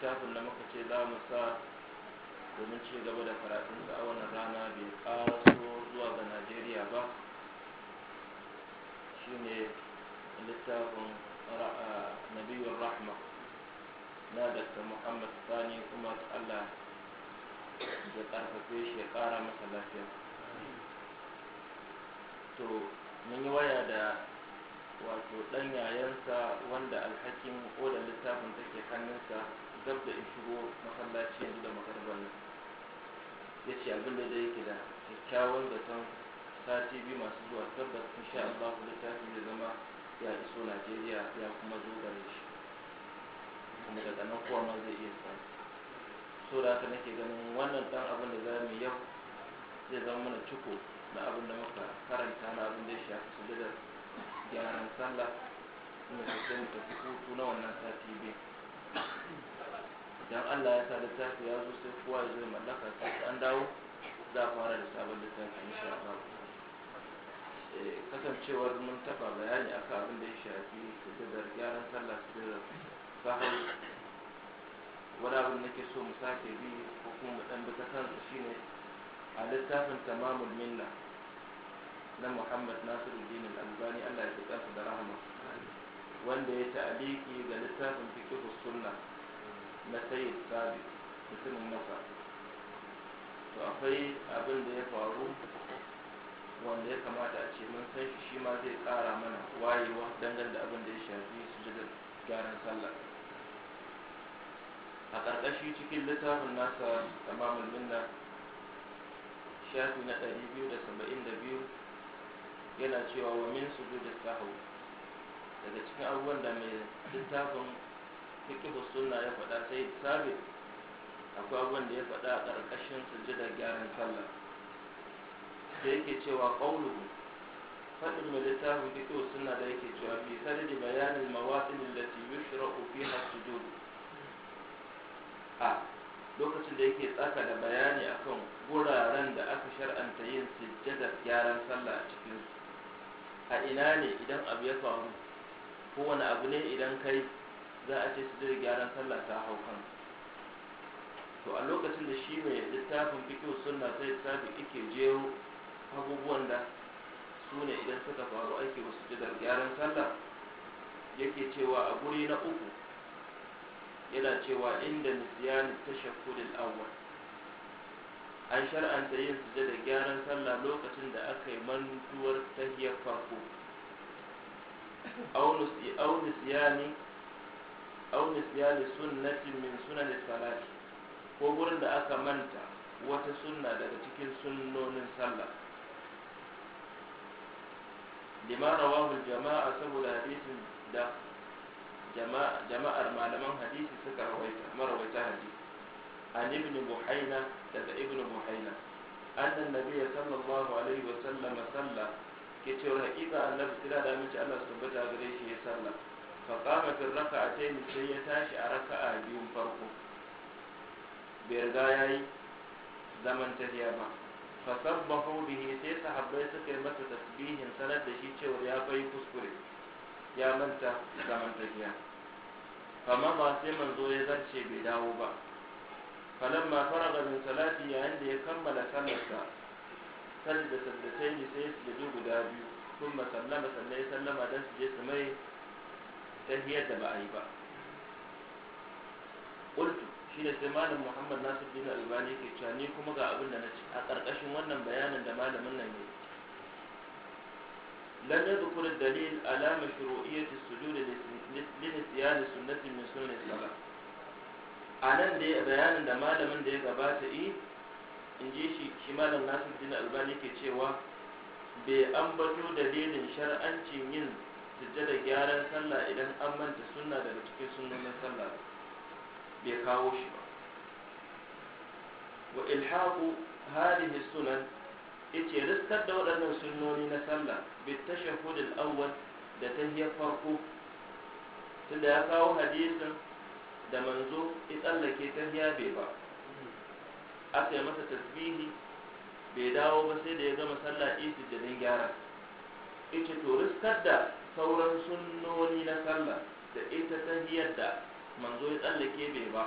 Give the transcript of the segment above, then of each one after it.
littafin da muka ce za mu sa domin ci gaba da karatunsa a wannan rana bai ƙaraso zuwa ga najeriya ba shi ne littafin nabiyun rahma na dakta muhammad sani kuma allah ya ƙarfafe shi ya ƙara masa lafiya to mun yi waya da wato ɗan yayansa wanda alhakin da littafin take hannunsa dab da in shigo masallaci yanzu da magarba nan ya ce abin da zai ke da kyakkyawan zaton sati biyu masu zuwa tabbas sha Allah littafi da zama ya iso Najeriya ya kuma zo gare shi kuma daga nan kowa ma zai iya sa so da haka nake ganin wannan dan abin da za mu yau zai zama mana cuko na abin da muka karanta na abin da ya shafi da gyaran sallah kuma sai mu tafi hutu na wannan sati idan Allah ya sa littafi ya zo sai kowa ya zo mallaka sai an dawo za a fara da sabon littafi insha Allah eh, kasancewar mun taba bayani akan abin da ya shafi sujadar gyaran sallah sujadar sahau wani abin da nake so mu sake bi ko kuma mu dan bi ta kansa shine a littafin tamamul minna na Muhammad Nasiru Al-Albani Allah ya tsaka da rahama wanda ya ta'aliki ga littafin fiqh sunna na sayid sabi mutumin masa to akwai abin da ya faru wanda ya kamata a ce mun san shi ma zai ƙara mana wayewa dangane da abin da ya shafi jidar gyaran sallah a ƙarƙashi cikin littafin nasa tamamul minna shafi na ɗari yana cewa wa min su jidar sahau daga cikin abubuwan da mai littafin fiqhu sunna ya faɗa sai sabit akwai abin da ya faɗa a ƙarƙashin sujjada gyaran sallah da yake cewa qauluhu faɗin mai littafin fiqhu sunna da yake cewa bi sarri bayanin mawatin allati yushra'u fiha sujud a lokacin da yake tsaka da bayani akan guraren da aka shar'anta yin sujjada gyaran sallah a cikin a ina ne idan abu ya faru ko wani abu ne idan kai za a ce su da gyaran sallah ta hau kan to a lokacin da shi mai littafin fikiyo suna ta littafi ike jero abubuwan da su ne idan suka faru ake wasu jidar gyaran sallah yake cewa a guri na uku yana cewa inda nisiyani ta shakudin awwal an shar'anta yin sujada gyaran sallah lokacin da aka yi mantuwar tahiyar farko au ne au nisyani sunnatin min sunan salati ko gurin da aka manta wata sunna daga cikin sunnonin sallah lima rawahu jama'a saboda hadisin da jama'ar malaman hadisi suka rawaita marawaita hadisi an ibn buhaina daga ibn buhaina annan nabiyya sallallahu alaihi wa sallam salla ke cewa haƙiƙa annabi tira da mace Allah subhanahu wa ta'ala gare shi ya sallah faƙama fi raka a taimi sai ya tashi a raka a biyun farko bai riga ya yi zaman tafiya ba fasabbahu bihi sai sahabbai suka yi masa tasbihin sanar da shi cewa ya bai kuskure ya manta zaman tafiya fama ba sai manzo ya zarce bai dawo ba falamma faraga min salati yayin da ya kammala sallarsa sajda sajdatai ne sai su guda biyu tun sallama sannan ya sallama don su su mai tahiyar da ba a yi ba ƙultu shi ne sai malam Muhammad Nasiruddin Albani ke cewa ni kuma ga abin da na ci a ƙarƙashin wannan bayanin da malamin nan ya لم su الدليل على مشروعية السجود لنسيان سنة من sunan الصلاة a nan da ya bayanin da malamin da ya gabata yi in ji shi shi malam nasiruddin albani ke cewa bai ambato dalilin shar'ancin yin sujjada gyaran sallah idan an manta sunna daga cikin sunnonin sallah bai kawo shi ba wa ilhaqu hadhihi sunan yace riskar da waɗannan sunnoni na sallah bi tashahhud al-awwal da tahiyyar farko tunda ya kawo hadisin da manzo ya tsallake tahiyya bai ba aka yi masa tasbihi bai dawo ba sai da ya gama sallah isi da gyara yace to riskar da sauran sunnoni na sallah da ita ta hiyar da manzo ya tsallake bai ba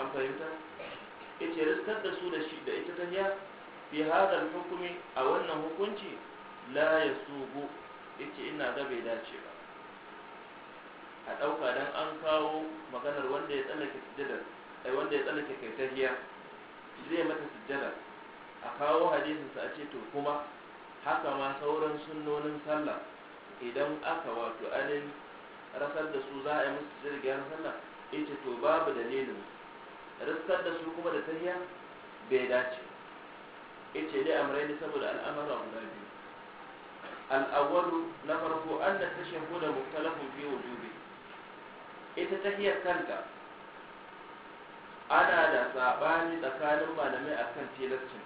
an fahimta ita riskar da su da shi da ita ta hiyar fi hadar hukumi a wannan hukunci la ya sugu ita ina ga bai dace ba a ɗauka don an kawo maganar wanda ya tsallake sujjadar ai wanda ya tsallake kai ta hiyar zai mata sujjadar a kawo hadisinsa a ce to kuma haka ma sauran sunnonin sallah idan aka wato anin rasar da su za a yi musu jirgin sallah ita to babu dalilin rasar da su kuma da tahiya bai dace ita dai amrai saboda al'amara guda biyu al'awwalu na farko an da tashin huda muktalafin fi wujubi ita tahiyar kanta ana da saɓani tsakanin malamai akan tilastin.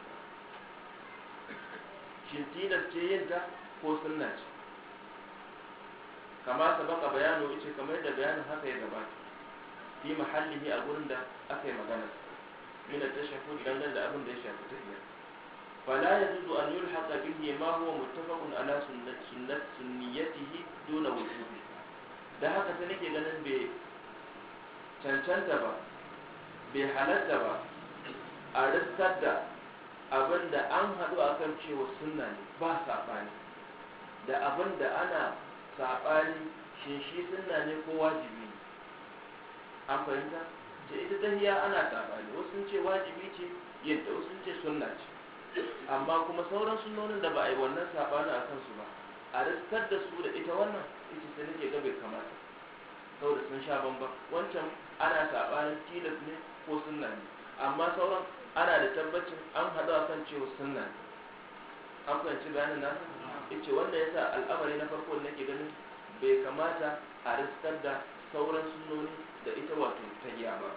shin tilas ce yin ta ko sunna ce kama ta baka bayanu ice kamar da bayanin haka ya gabata fi mahallihi a gurin da aka yi magana min at-tashahhud dangane da abin da ya shafi tafiya fala yajuzu an yulhaqa bihi ma huwa muttafaqun ala sunnati sunnati sunniyatihi duna wujubi da haka sai nake ganin bai cancanta ba bai halatta ba a ristar da abin da an haɗu a kan cewa sunna ne ba saɓani da abin da ana saɓani shinshi shi sunna ne ko wajibi ne an fahimta da ita tahiya ana saɓani wasu sun ce wajibi ce yadda wasu sun ce sunna ce amma kuma sauran sunnonin da ba a yi wannan saɓani a kansu ba a riskar da su da ita wannan ita ta nake ga bai kamata saboda sun sha bamba wancan ana saɓanin tilas ne ko sunna ne amma sauran ana da tabbacin an haɗu a kan cewa sunna ne an fahimci bayanin nasu yace wannan yasa al'amari na farko da nake ganin bai kamata a riskar da sauran sunnoni da ita wato ta giya ba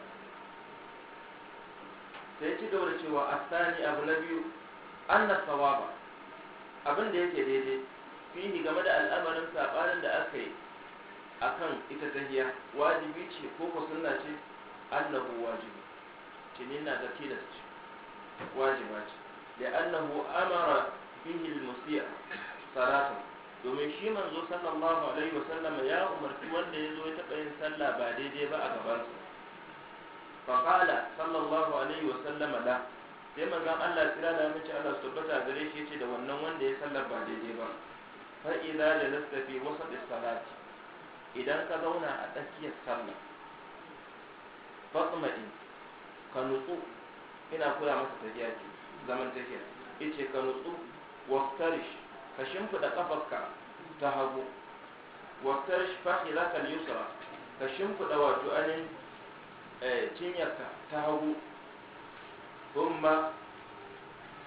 sai ci gaba da cewa asani abu na biyu an na sawaba abin da yake daidai fihi game da al'amarin sabanin da aka yi akan ita tahiya wajibi ce ko ko sunna ce annahu wajibi ce ne na ga tilas ce wajiba ce da annahu amara bihi al salatu domin shi manzo sallallahu alaihi wasallam ya umarci wanda ya zo ya taba yin sallah ba daidai ba a su fa faƙala sallallahu alaihi wasallam da sai manzo Allah tsira da mace Allah su tabbata gare shi yace da wannan wanda ya sallar ba daidai ba fa idza jalasta fi wasat salati idan ka zauna a tsakiyar sallah fatma'in ka nutsu ina kula masa tafiya ce zaman tafiya yace ka nutsu waqtarish ka shimfida kafarka ta hagu wa tashfahilaka al-yusra ka shimfida wato anin eh cinyarka ta hagu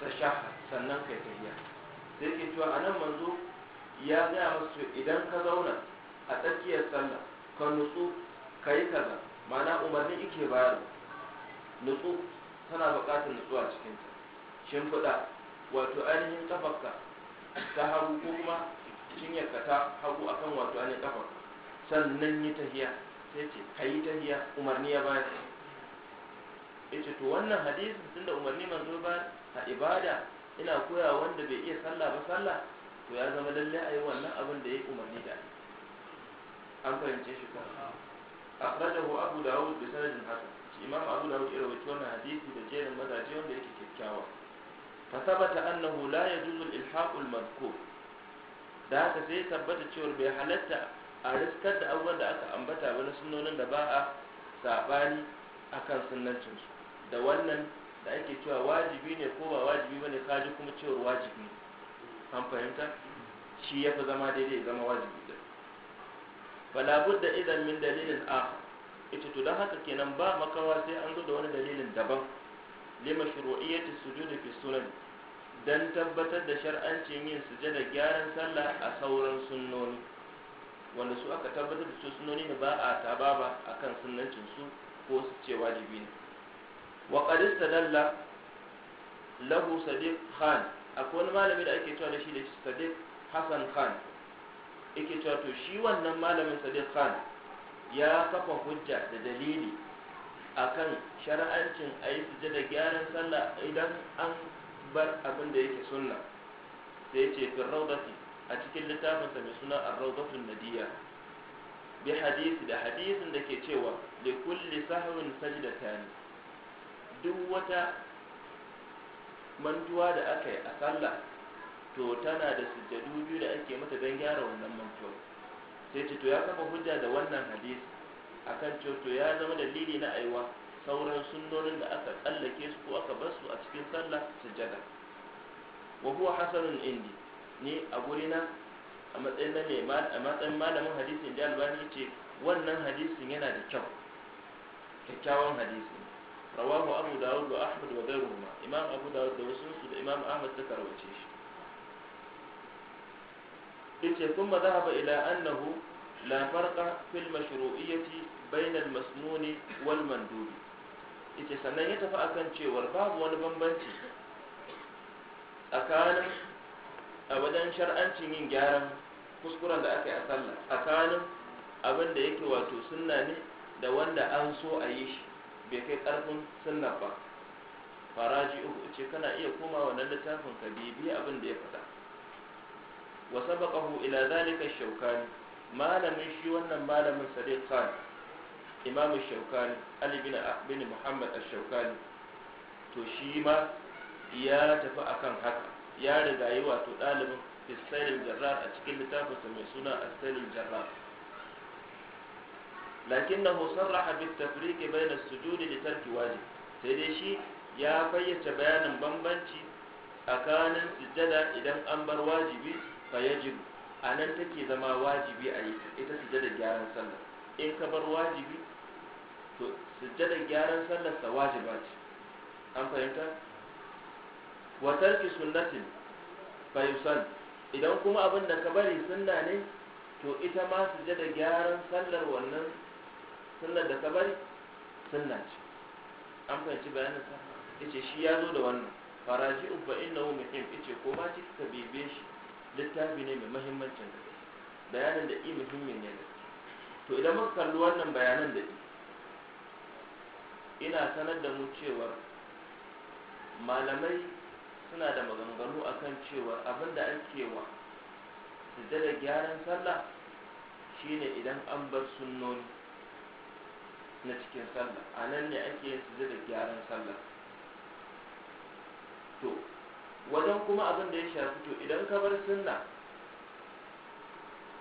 ta shaha sannan kai tahiya sai ke cewa anan manzo ya gaya musu idan ka zauna a tsakiyar sallah ka nutsu ka yi kaza ma'ana umarni ike bayar nutsu tana buƙatar nutsuwa cikinta shimfiɗa wato ainihin kafarka ta hagu ko kuma cinyarka ta hagu akan wato ainihin kafa sannan yi tahiya sai ce ka yi tahiya umarni ya bayar ya ce to wannan hadisin da umarni manzo ba a ibada ina koya wanda bai iya sallah ba sallah to ya zama lalle a yi wannan abin da ya yi umarni da an fahimce shi ko akhrajahu abu dawud bi sanadin hasan imam abu dawud ya rawaito wannan hadisi da jerin mazaje wanda yake kyakkyawa فثبت أنه لا يجوز الإلحاق المذكور da haka sai tabbata cewar bai halatta a riskar da abubuwan da aka ambata ba na sunnonin da ba a saɓani a kan sunnancinsu da wannan da ake cewa wajibi ne ko ba wajibi ba ne kaji kuma cewar wajibi ne an fahimta shi ya fi zama daidai zama wajibi din falabud da idan min dalilin akhar ita to don haka kenan ba makawa sai an zo da wani dalilin daban lima shuru'iyyati sujudi fi sunan Dan tabbatar da shar'ancin yin sujada gyaran sallah a sauran sunnoni wanda su aka tabbatar da su sunnoni ne ba a taba ba a kan sunnancin su ko su ce wajibi ne wa qadista dalla lahu sadiq khan akwai wani malami da ake cewa da shi da sadiq hasan khan yake cewa to shi wannan malamin sadiq khan ya kafa hujja da dalili akan shar'ancin ayi sujada gyaran sallah idan an bar abin da yake sunna da ya ce firraudati a cikin littafinsa mai suna arraudatun nadiya bi hadisi da hadisin da ke cewa li kulli sahwin sajdatani duk wata mantuwa da aka yi a sallah to tana da sujjadu biyu da ake mata don gyara wannan mantuwa sai ce to ya kafa hujja da wannan hadisi akan cewa to ya zama dalili na aiwa sauran sunnonin da aka tsallake su ko aka bar su a cikin sallah sujjada wa huwa hasanun indi ni a gurina a matsayin na mai a matsayin malamin hadisin da albani ce wannan hadisin yana da kyau kyakkyawan hadisi rawahu abu dawud wa ahmad wa ghayruhuma imam abu dawud da wasu su da imam ahmad suka rawace shi yace kuma zahaba ila annahu la farqa fil mashru'iyyati bayna al masnuni wal mandubi yace sannan ya tafi akan cewar babu wani bambanci tsakanin a wajen shar'ancin yin gyaran kuskuren da aka yi a sallah tsakanin abin da yake wato sunna ne da wanda an so a yi shi bai kai karfin sunna ba faraji uku ce kana iya koma nan littafin ka bibi abin da ya fada wa sabaqahu ila zalika shaukani malamin shi wannan malamin sadiq khan imam shaukani ali bin muhammad al-shaukani to shi ma ya tafi akan haka ya riga yi wato ɗalibin fistailin jarrar a cikin littafinsa mai suna astailin jarrar lakin na hosan rahabin tafriki bai na sujudi da tarki waje sai dai shi ya fayyace bayanin bambanci tsakanin sujada idan an bar wajibi fayajibu a nan take zama wajibi a yi ita sujada gyaran sallah in ka bar wajibi to sujjadar gyaran sallar sa wajiba ce an fahimta wa tarki sunnati fa yusan idan kuma abin da ka bari sunna ne to ita ma sujjadar gyaran sallar wannan sallar da ka bari sunna ce an fahimci bayanin sa yace shi ya zo da wannan faraji ubba innahu muhim yace ko ma ci ka bibe shi littafi ne mai muhimmancin da bayanin da i muhimmin ne to idan muka kalli wannan bayanan da i ina sanar da mu cewar malamai suna da maganganu akan cewar abin da ake wa sujjada gyaran sallah shine idan an bar sunnoni na cikin sallah a nan ne ake yin sujjada gyaran sallah to wajen kuma abin da ya shafi to idan ka bar sunna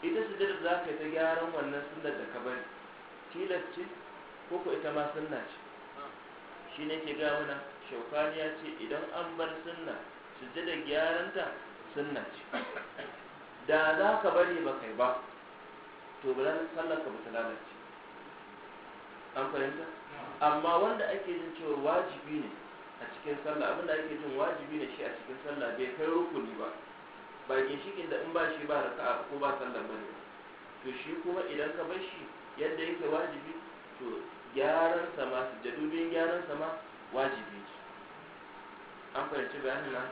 ita sujjada za ka yi ta gyaran wannan sunnar da ka bari tilas ce ko ko ita ma sunna ce shi ne ke ga mana shaukani ya ce idan an bar sunna sujjada gyaranta sunna ce da za ka bari ba kai ba to ba zan sallar ka ba ta lalace an fahimta amma wanda ake jin cewa wajibi ne a cikin sallah abin da ake jin wajibi ne shi a cikin sallah bai kai rukuni ba ba ginshikin da in ba shi ba raka'a ko ba sallar ba ne to shi kuma idan ka bar shi yadda yake wajibi to gyaran sama biyun gyaran sama wajibi ce an fahimci bayanin nan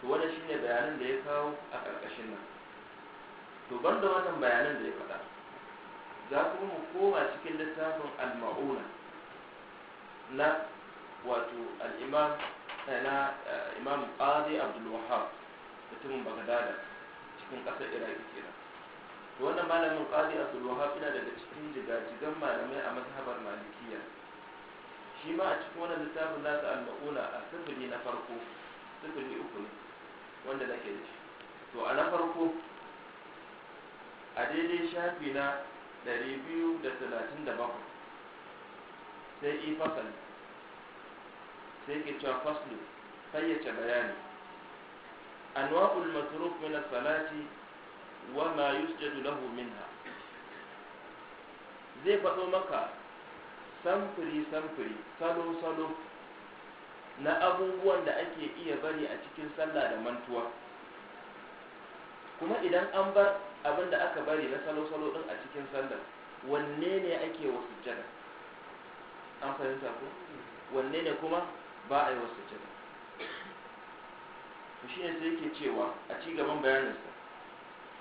to shi shine bayanin da ya kawo a karkashin nan to ban da wannan bayanin da ya faɗa za ku mu koma cikin littafin al-ma'una na wato al-imam eh, na eh, imam qadi abdul wahhab mutumin bagdada cikin ƙasar iraki kenan to wannan malamin qadi abdul wahab yana daga cikin jigajigan malamai a mazhabar malikiya shi ma a cikin wannan littafin nasa al-mauna a sifili na farko sifili uku ne wanda nake da shi to a na farko a daidai shafi na 237 sai ifasal sai ke cewa faslu fayyace bayani anwa'ul masruf min as-salati wa ma yusjadu lahu minha zai faɗo maka samfuri samfuri salo salo na abubuwan da ake iya bari a cikin sallah da mantuwa kuma idan an bar abin da aka bari na salo salo din a cikin sallah wanne ne ake wa sujjada an fahimta ko wanne ne kuma ba a yi wa sujjada to shine sai yake cewa a ci gaban bayanin bayaninsa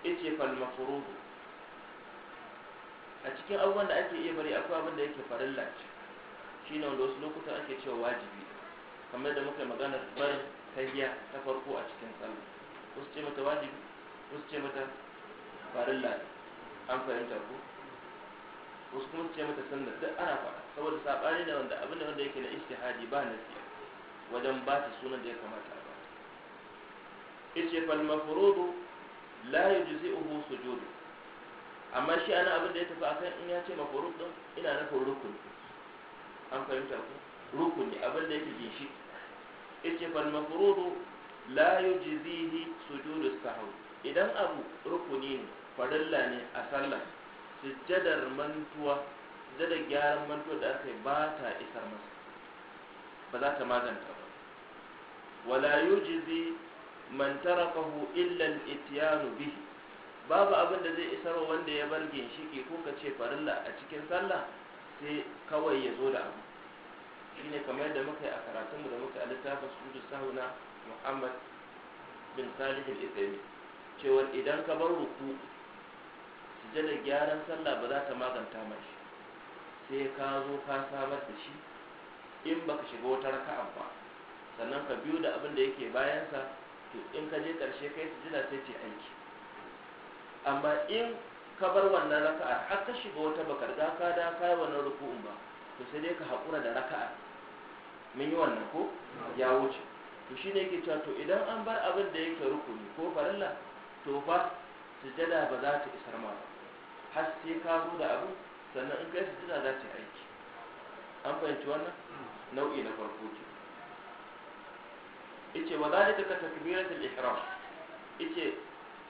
yace fal mafrud a cikin abubuwan da ake iya bari akwai abin da yake farilla ce ne wanda wasu lokutan ake cewa wajibi kamar da muka magana barin tahiya ta farko a cikin sallah wasu ce mata wajibi wasu ce mata farilla an fahimta ko wasu kuma ce mata sannan duk ana faɗa saboda saɓani da wanda abin da wanda yake na ijtihadi ba na siya wajen ba ta sunan da ya kamata ba yace fal mafrudu la yujzi'uhu sujudu amma shi ana abin da ya tafi akan in ya ce mafuruq din ina nufin rukun an fahimta ku rukuni abin da yake ginshi yace fal mafrudu la yujzihi sujudu sahwi idan abu rukuni ne farilla ne a sallah sujjadar mantuwa da gyaran mantuwa da aka yi ba ta isar masa ba za ta maganta ba wala yujzi man tarakahu illa al bihi babu abin da zai isar wanda ya bar ginshiki ko ka ce farilla a cikin sallah sai kawai ya zo da abu shine kamar yadda muka yi a karatunmu da muka alittafa sujud sahuna muhammad bin salih al-ithami cewa idan ka bar ruku sujada gyaran sallah ba za ta maganta mai sai ka zo ka samar da shi in baka shiga wata raka'a ba sannan ka biyo da abin da yake bayansa to in ka je ƙarshe kai su jina sai ce aiki amma in ka bar wannan raka'ar, har ka shiga wata bakar da ka da kai wannan ruku'un ba to sai dai ka haƙura da raka'a mun yi wannan ko ya wuce to shine yake cewa to idan an bar abin da yake rukuni ko farilla to fa sujjada ba za ta isar ma ba har sai ka zo da abu sannan in kai sujjada za ta aiki an fahimci wannan hmm. nau'i na farko ke yace wa zalika ka takbiratul ihram yace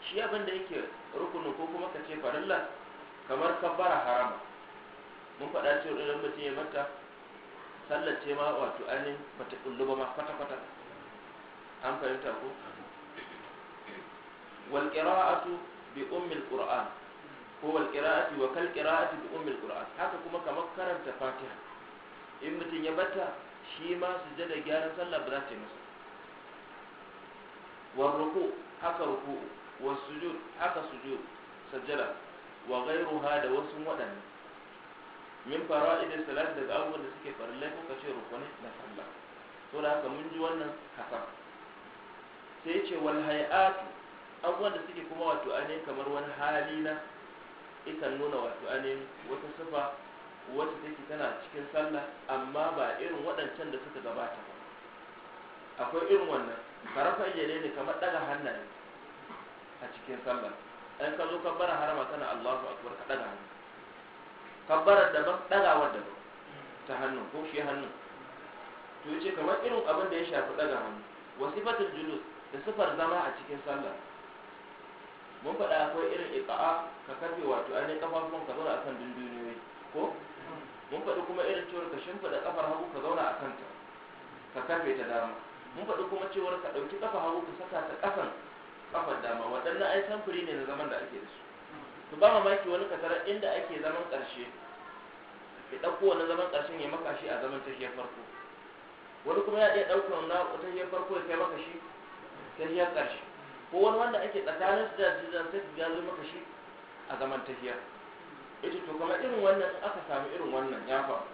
shi abin da yake rukunin ko kuma kace farilla kamar kabbara harama mun faɗa cewa idan mutum ya mata sallar ma wato ainihin bata kullu ba ma kwata kwata an fahimta ko wal qira'atu bi ummi al qur'an ko wal qira'atu wa kal qira'atu bi ummi al qur'an haka kuma kamar karanta fatiha in mutum ya bata shi ma sujada gyaran sallah ba za ta yi masa والركوع حكى ركوع والسجود حكى سجود سجلا وغيرها da wasu waɗanda min fara'id salat daga abubuwan da suke farillai kuka ce rukuni na sallah to da haka wannan hasan sai ce wal hay'atu abubuwan da suke kuma wato ane kamar wani hali na ikan nuna wato ane wata sifa wacce take tana cikin sallah amma ba irin waɗancan da suka gabata ba akwai irin wannan karafa yare ne kamar daga hannan a cikin sallah Ɗan ka zo kabbara harama kana Allahu akbar ka daga hannu ba daga wadda ba ta hannu ko shi hannu to yace kamar irin abin da ya shafi daga hannu wasifatul julus da sifar zama a cikin sallah mun faɗa akwai irin iqa'a ka kafe wato ainihin kafafun ka zauna akan dunduniyoyi ko mun faɗi kuma irin ciwon ka shimfiɗa kafar hagu ka zauna a kanta ka kafe ta dama mun faɗi kuma cewar ka ɗauki ƙafa hagu ka saka ta ƙasan ƙafar dama waɗannan ai samfuri ne na zaman da ake da su to ba mamaki wani katara inda ake zaman ƙarshe ya ɗauko wani zaman ƙarshen ya maka shi a zaman tahiyar farko wani kuma ya iya ɗaukar na tahiyar farko ya kai maka shi tahiyar ƙarshe ko wani wanda ake tsakanin su da jidan sai ya zo maka shi a zaman tahiyar ita to kamar irin wannan in aka samu irin wannan ya faru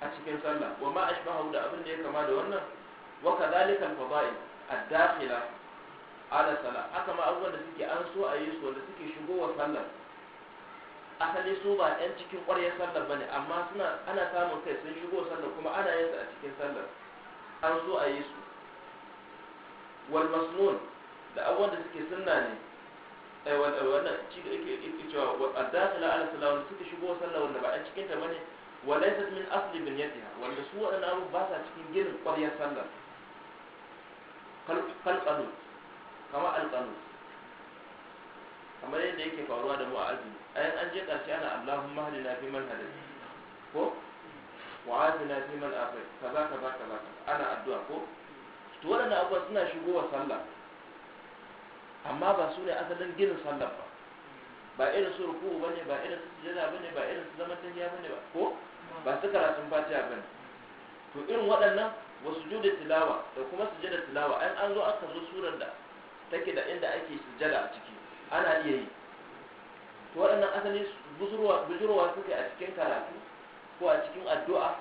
a cikin sallah wa ma ashbahu da abin da ya kama da wannan wa kadhalika al-fada'il ad-dakhila ala sala haka ma abubuwan da suke an so a yi su wanda suke shigo wa sallah asali su ba yan cikin sallar sallah bane amma suna ana samun kai sun shigo sallah kuma ana yin su a cikin sallah an so a yi su wal masnun da abubuwan da suke sunna ne eh, ai wannan ci da yake yake cewa ad-dakhila ala sala wanda suke shigo sallah wanda ba a cikin ta bane walaysat min asli binyatiha wanda su waɗannan abu ba sa cikin ginin ƙwaryar kal kalqanu kama alqanu kamar yadda yake faruwa da mu a azumi ayan an je ƙarshe ana Allahumma hadina fi man hadai ko wa afina fi man afai kaza kaza kaza ana addu'a ko to waɗannan abu suna shigowa sallah amma ba su ne asalin ginin sallah ba ba irin su ruku ba ne ba irin su sujada ba ne ba irin su zaman tahiya ba ne ba ko ba su karatun fatiha bane to irin waɗannan wa sujudu tilawa da kuma sujada tilawa an an zo aka zo surar da take da inda ake sujada a ciki ana iya yi to waɗannan asali bujurwa suke a cikin karatu ko a cikin addu'a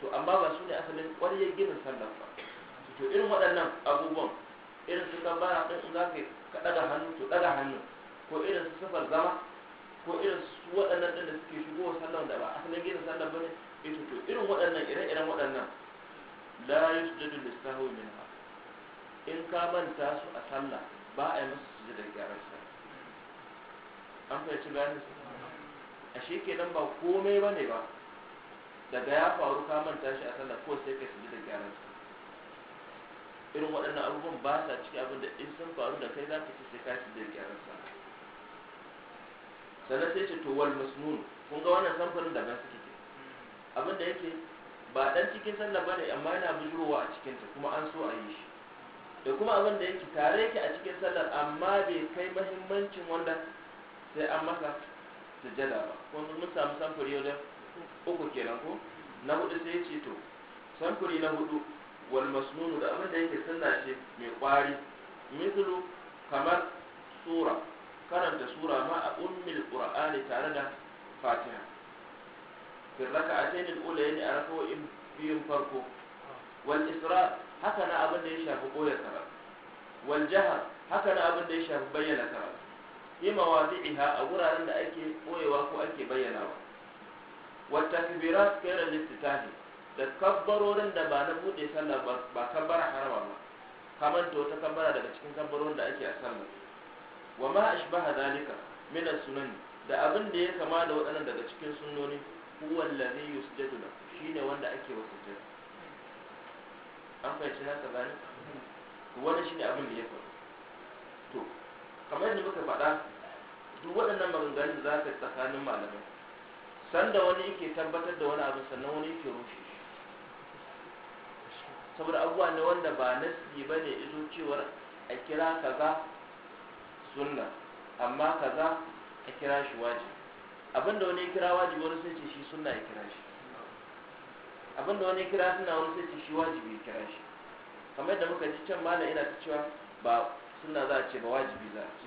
to amma ba su ne asalin ƙwariyar ginin sallar ba to irin waɗannan abubuwan irin su kan bara ɗin za ka ɗaga hannu to ɗaga hannu ko irin su safar zama ko irin su waɗannan ɗin da suke shigo sallan da ba asalin gina sallan ba ne ita to irin waɗannan ire-iren waɗannan la yi su jadu sahu min ha in ka manta su a sallah ba a yi masu su jadar gyaran sa an fahimci bayanin su a shi nan ba komai ba ne ba daga ya faru ka manta shi a sallah ko sai ka su jadar gyaran sa irin waɗannan abubuwan ba sa cikin abin da in sun faru da kai za ka ci sai ka su jadar gyaran sa sannan sai ce to wal masnun kun ga wannan samfurin da gan suke abin da yake ba dan cikin sallah ne amma yana bujurowa a cikin ta kuma an so a yi shi da kuma abin da yake tare yake a cikin sallar amma bai kai mahimmancin wanda sai an masa sujada ba kuma mun samu samfuri yau da uku kenan ko na hudu sai ce to samfuri na hudu wal masnunu da abin da yake sallah ce mai kwari mithlu kamar sura karanta sura ma a ummil qur'ani tare da fatiha fi raka'atayn al yani a in biyun farko wal isra haka na abin da ya shafi koyar karatu wal jahar haka na abin da ya shafi bayyana karatu fi mawadi'iha a wuraren da ake koyewa ko ake bayyanawa Wata takbirat kana liftitahi da kabbarorin da ba na bude sallah ba kabbara harama ba kamar to ta kabbara daga cikin kabbarorin da ake a sallah wa ma ashbaha zalika min as-sunan da abin da ya kama da waɗannan daga cikin sunnoni huwa allazi yusjadu la shine wanda ake wa sujjada an fahimci na ka bani wannan shine abin da ya faru to kamar yadda muka faɗa duk waɗannan maganganun za ka tsakanin malamai sanda wani yake tabbatar da wani abu sannan wani yake rushe saboda abubuwa ne wanda ba nasi ba ne izo cewar a kira kaza sunna amma kaza a kira shi waje abinda wani ya kira waje wani sai ce shi sunna ya kira shi abinda wani ya kira suna wani sai ce shi wajibi ya kira shi kamar yadda muka ji can malam ina ta cewa ba sunna za a ce ba wajibi za a ce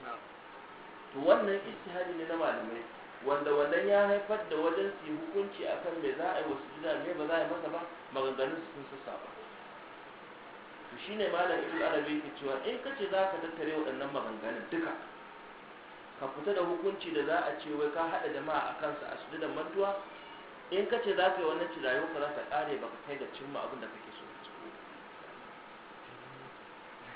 to wannan istihadi ne na malamai wanda wannan ya haifar da wajen su hukunci akan me za a yi wasu jida me ba za a yi masa ba maganganun su sun sassa ba ne shine da ibnu arabi ke cewa in kace za ka tattare waɗannan maganganun duka ka fita da hukunci da za a ce wai ka haɗa jama'a a kansa a su da mantuwa in kace za ka yi wannan ci ka za ta ƙare ba ka kai da cimma abin da kake so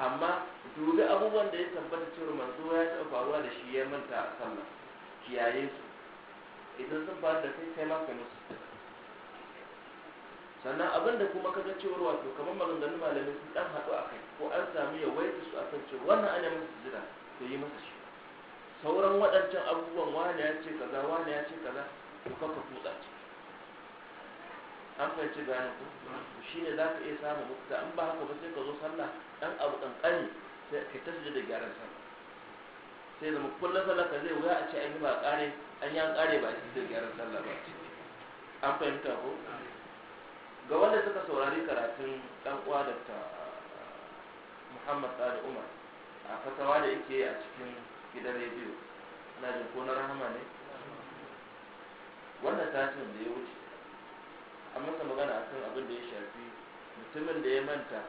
amma dubi abubuwan da ya tabbata cewa manzo ya taɓa faruwa da shi ya manta a sallah kiyaye su idan sun faru da kai kai ma ka musu sannan abin da kuma kaga cewar wato kamar maganganun malamai sun dan haɗu a kai ko an sami yawaita su a kan cewa wannan ana masa jira to yi masa shi sauran waɗancan abubuwan wane ya ce kaza wane ya ce kaza to kafa tutsa ce an fahimci gane ku shi ne za ka iya samun mutu an ba haka ba sai ka zo sallah ɗan abu ƙanƙani sai ka ta da gyaran sallah sai zama kullum sallah ka zai wuya a ce an yi ba ƙare an yi an ƙare ba a sujjada gyaran sallah ba an fahimta ko ga wanda suka saurari karatun dan uwa da ta Muhammad Sadi Umar a fatawa da yake a cikin gidan rediyo na jin ko na rahama ne wannan tashin da ya wuce an masa magana akan abin da ya shafi mutumin da ya manta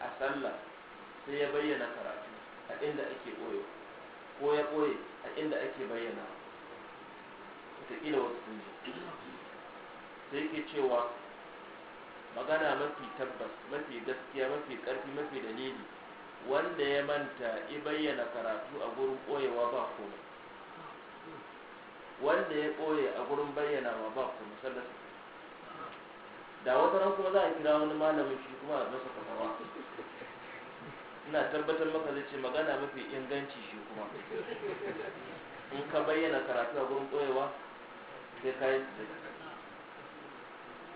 a sallah sai ya bayyana karatu a inda ake ɓoye ko ya ɓoye a inda ake bayyana wataƙila wasu sun ji sai ke cewa magana mafi tabbas mafi gaskiya mafi ƙarfi mafi dalili wanda ya manta ya bayyana karatu a gurin ɓoyewa ba komai wanda ya ɓoye a gurin bayyana wa ba komai sallar da wata ran kuma za a kira wani malamin shi kuma a masa kafawa ina tabbatar maka zai ce magana mafi inganci shi kuma in ka bayyana karatu a gurin ɓoyewa sai ka yi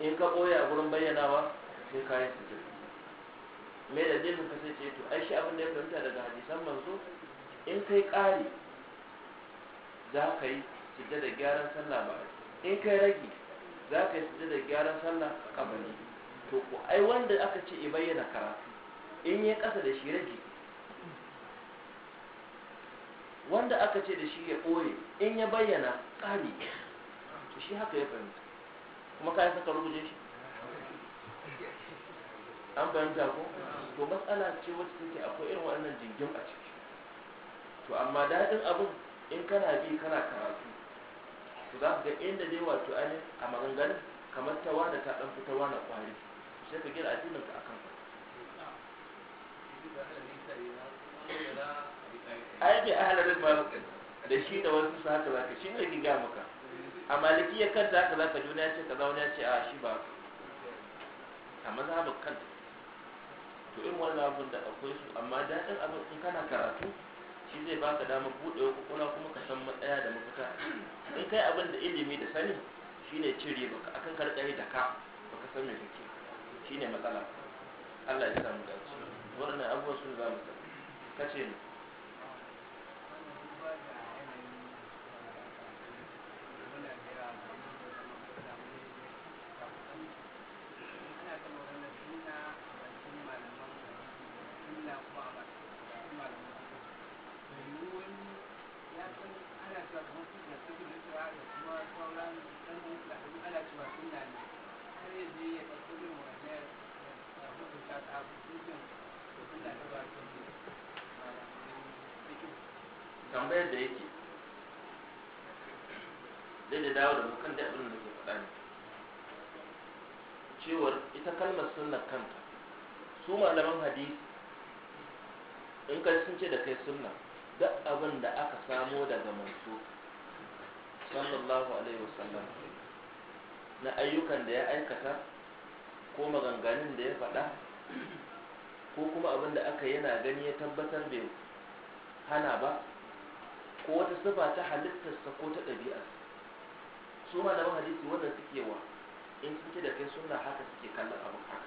in ka ɓoye a gurin bayyanawa sai ka yi sujud me da dalilin ka sai ce to ai shi abin da ya fahimta daga hadisan manzo in kai ƙari za ka yi sujud da gyaran sallah ba in kai ragi za ka yi sujud da gyaran sallah kabari to ku ai wanda aka ce i bayyana karatu in yi ƙasa da shi ragi wanda aka ce da shi ya ɓoye in ya bayyana ƙari to shi haka ya fahimta kuma kayan suka rubuce shi an fahimta ko to matsala ce wacce take akwai irin wannan jingim a ciki to amma daɗin abin in kana bi kana karatu to za ka ga inda dai wato ai a maganganun kamar tawa da ta ɗan fitawa na kwari sai ka gina addinin ka akan ai bai ahalarin ma da shi da wasu sa haka zaka shi ne riga maka a ya kanta haka za ka juna ya ce ka zauna ya ce a shi ba a mazhabin kanta to in wannan abin da akwai su amma daɗin abin in kana karatu shi zai ba ka damar buɗe kwakwalwa kuma ka san matsaya da mafita in kai abin da ilimi da sani shi ne cire a kan karkare da ka baka san mai kake ne matsala Allah ya samu dace wannan abubuwan sun za mu kace ne cewar ita kalmar sunnar kanta su malaman hadisi in ka sun ce da kai sunna duk abin da aka samo daga manso sallallahu alaihi wasallam na ayyukan da ya aikata ko maganganun da ya faɗa ko kuma abin da aka yana gani ya tabbatar bai hana ba ko wata sifa ta halittarsa ko ta ɗabi'arsa su malaman hadisi wanda suke wa in sun ce da kai sunna haka suke kallon abin haka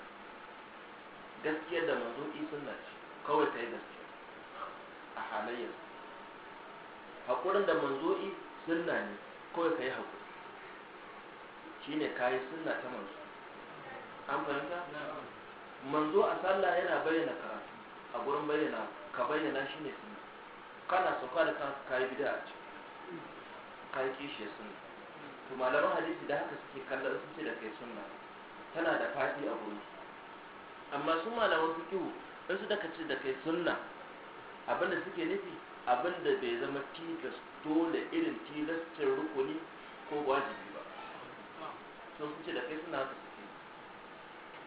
gaskiyar da yi sunna ce kawai ta yi gaskiya a halayyar haƙurin da manzo'i sunna ne kawai ka yi haƙuri ne ka yi sunna ta manzo an fahimta manzo a sallah yana bayyana karatu a gurin bayyana ka bayyana shi ne sunna kana sauka da kanka ka yi bida a ce ka yi kishiyar sunna to malaman hadisi da haka suke kallon suke ce da kai sunna tana da fadi a gurin amma su malaman fiqhu in su daka ce da kai sunna abinda suke nufi abinda bai zama tilas dole irin tilastin rukuni ko wajibi ba sun ce da kai suna haka suke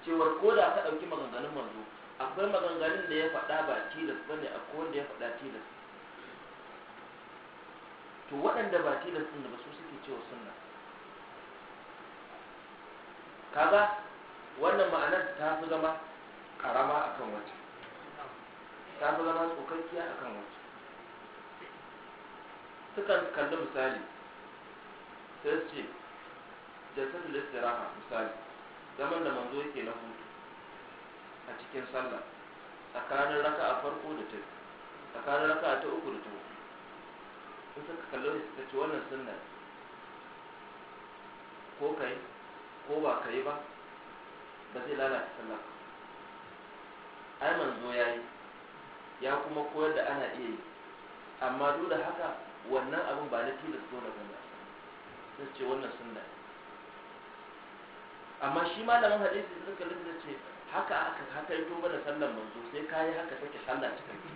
cewar ko da ka ɗauki maganganun manzo akwai maganganun da ya faɗa ba tilas ba ne akwai wanda ya faɗa tilas to waɗanda ba tilas ɗin da ba su suke cewa sunna kaga wannan ma'anar ta fi zama karama akan wata ta fi zama tsokakkiya akan wata sukan kalli misali sai su ce jasadu listiraha misali zaman da manzo yake na hutu a cikin sallah tsakanin raka a farko da ta tsakanin raka ta uku da ta uku in suka kalli suka ce wannan sunna ko kai ko ba ka yi ba ba zai lalata sallah ai manzo ya yi ya kuma koyar da ana iya yi amma duk da haka wannan abin ba na tilas zo da ne sai ce wannan sunna amma shi malamin hadisi sun kalli da ce haka aka haka yi tuba da sallar manzo sai yi haka take sallah cikakke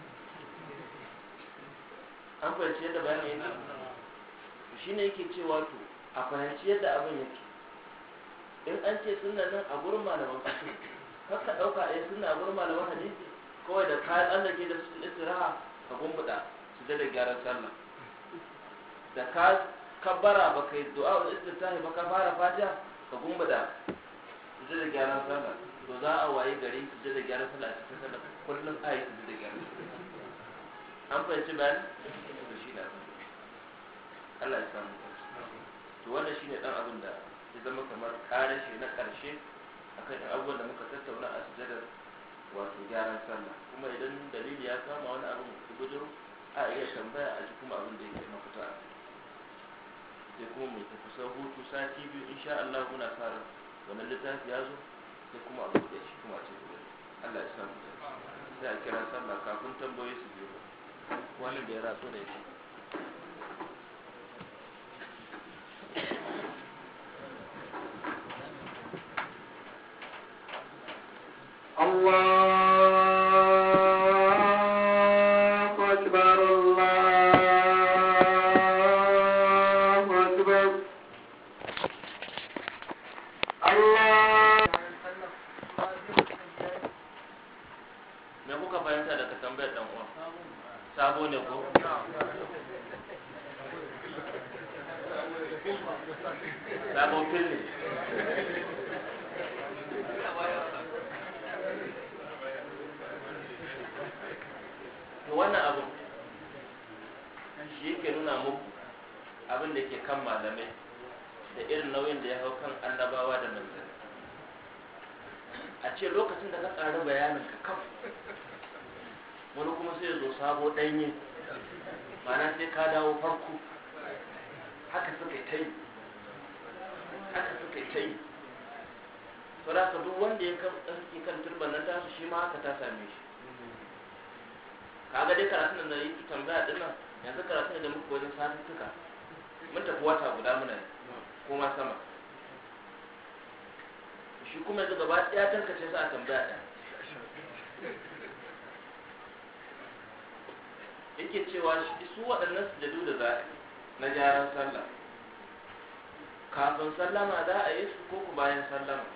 an fahimci yadda bayanin yake ne yake cewa to a fahimci yadda abin yake in an ce sunnan nan a gurin malaman kasu haka ɗauka a eh, yi sunna a gurin malaman hadisi kawai da kayan allah ke da su istiraha a gumbuda su da gyaran sallah da ka kabbara ba kai du'a wa istirtahi ba ka fara fatiha ka gumbuda su da gyaran sallah to za a waye gari su da gyaran sallah a cikin sallah kullum a yi su da gyaran sallah an fahimci bayan to shi da Allah ya samu to wannan shine dan abin da ya zama kamar karashe na ƙarshe akan abubuwan da muka tattauna a sujadar wato gyaran sallah kuma idan dalili ya kama wani abin da gujiro a iya tambaya a ji kuma abin da yake mafita a sai kuma mai ta hutu sati biyu sha Allah muna fara wannan littafi ya zo sai kuma abin da shi kuma a ce Allah ya samu da sai a kira sallah kafin tambayoyi su biyu wani da ya raso da shi الله kuma yanzu gaba ɗaya tarkace su a tambaya ɗaya yake cewa su waɗannan sujadu da za na gyaran sallah kafin sallama za a yi su koko bayan sallama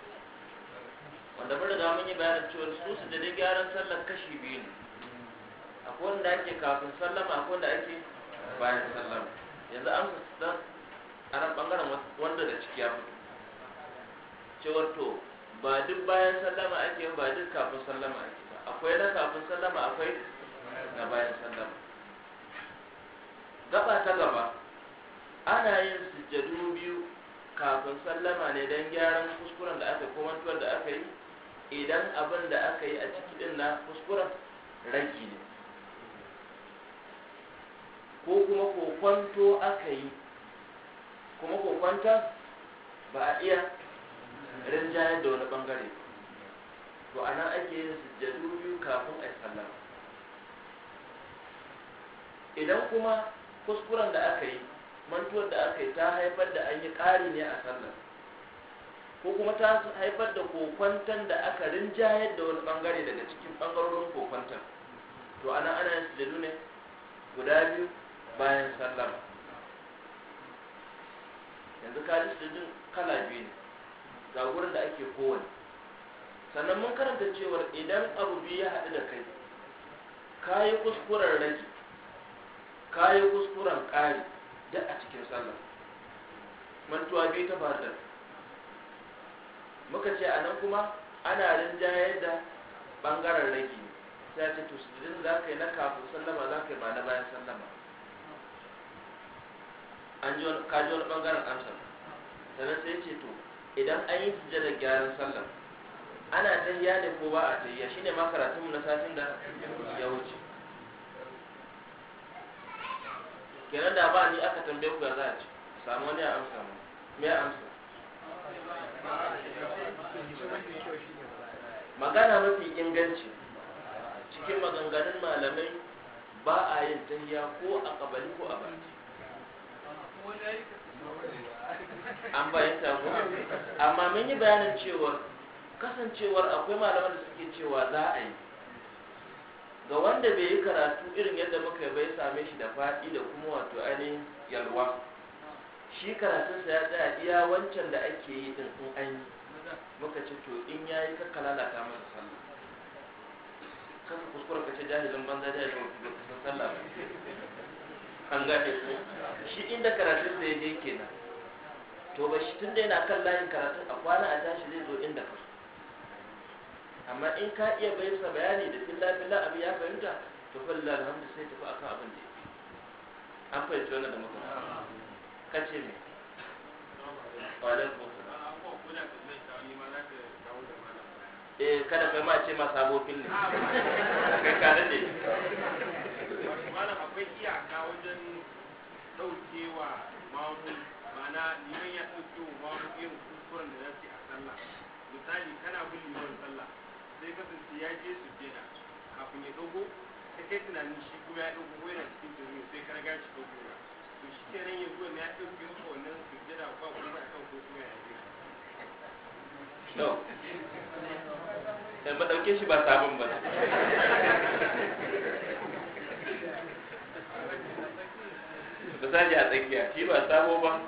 wanda mun riga mun yi bayanin cewa su sujadu gyaran sallah kashi biyu ne akwai wanda ake kafin sallama akwai wanda ake bayan sallama yanzu an fusta a ran ɓangaren wanda da ciki ya fito cewar to ba duk bayan sallama ake ba duk kafin sallama ake ba akwai na kafin sallama akwai na bayan sallama gaba ta gaba ana yin sujjadu biyu kafin sallama ne don gyaran kuskuren da aka komantuwar da aka yi idan abin da aka yi a ciki din na kuskuren ragi ne ko kuma kokwanto aka yi kuma kokwanta ba a iya rinjayar da wani bangare to a nan ake yin sujjadu biyu kafin a yi sallama idan kuma kuskuren da aka yi mantuwar da aka yi ta haifar da an yi ƙari ne a sallar ko kuma ta haifar da kokwantan da aka rinjayar da wani bangare daga cikin bangarorin kokwantan to ana ana yin sujjadu ne guda biyu bayan sallar yanzu ka ji kala biyu ne ga wurin da ake kowane sannan mun karanta cewar idan abu biyu ya haɗu da kai ka yi kuskuren rage ka yi kuskuren ƙari da a cikin sallah mantuwa biyu ta faru muka ce a nan kuma ana rinjayar da ɓangaren rage sai ce to sujudin za ka yi na kafin sallama za ka yi ba na bayan sallama an ji wani ɓangaren amsa sannan sai ce to idan an yi sujjada gyaran sallah ana tahiya ne ko ba a tahiya shine ma karatunmu na satin da ya wuce kenan da ba ni aka tambaye ku ga za a ci samu wani a amsa mu me ya amsa magana mafi inganci cikin maganganun malamai ba a yin tahiya ko a kabali ko a baki an bayyanta ku amma mun yi bayanin cewa kasancewar akwai malaman da suke cewa za a yi ga wanda bai yi karatu irin yadda muka bai same shi da faɗi da kuma wato ainihin yalwa shi karatun sa ya tsaya iya wancan da ake yi din in an yi muka ce to in ya yi kakka lalata masa sallah kasa kuskura ka ce jahilin banza da mutu bai kusan sallah an gane ko shi inda karatun sa ya je kenan to ba shi tun da yana kan layin karatun a kwana a tashi zai zo inda ka amma in ka iya sa bayani da filla filla abu ya fahimta to falla alhamdu sai tafi akan abin da yake an fahimci wannan da muka ce me alaikum eh kada kai ma ce ma sabo fil ne kai ka ne malam akwai iyaka wajen daukewa mamuni ma'ana liman ya ɗauke wa wani irin kuskuren da za a sallah misali kana bin liman sallah sai kasance ya je su jeda kafin ya dogo ta kai tunanin shi kuma ya dogo ko yana cikin jirgin sai ka riga shi ɗauko ya to shi ke nan yanzu wani ya ɗauke maka wannan su jeda ba kuma a kan ko kuma ya je. to dan ba ɗauke shi ba sabon ba ka saje a tsakiya shi ba sabo ba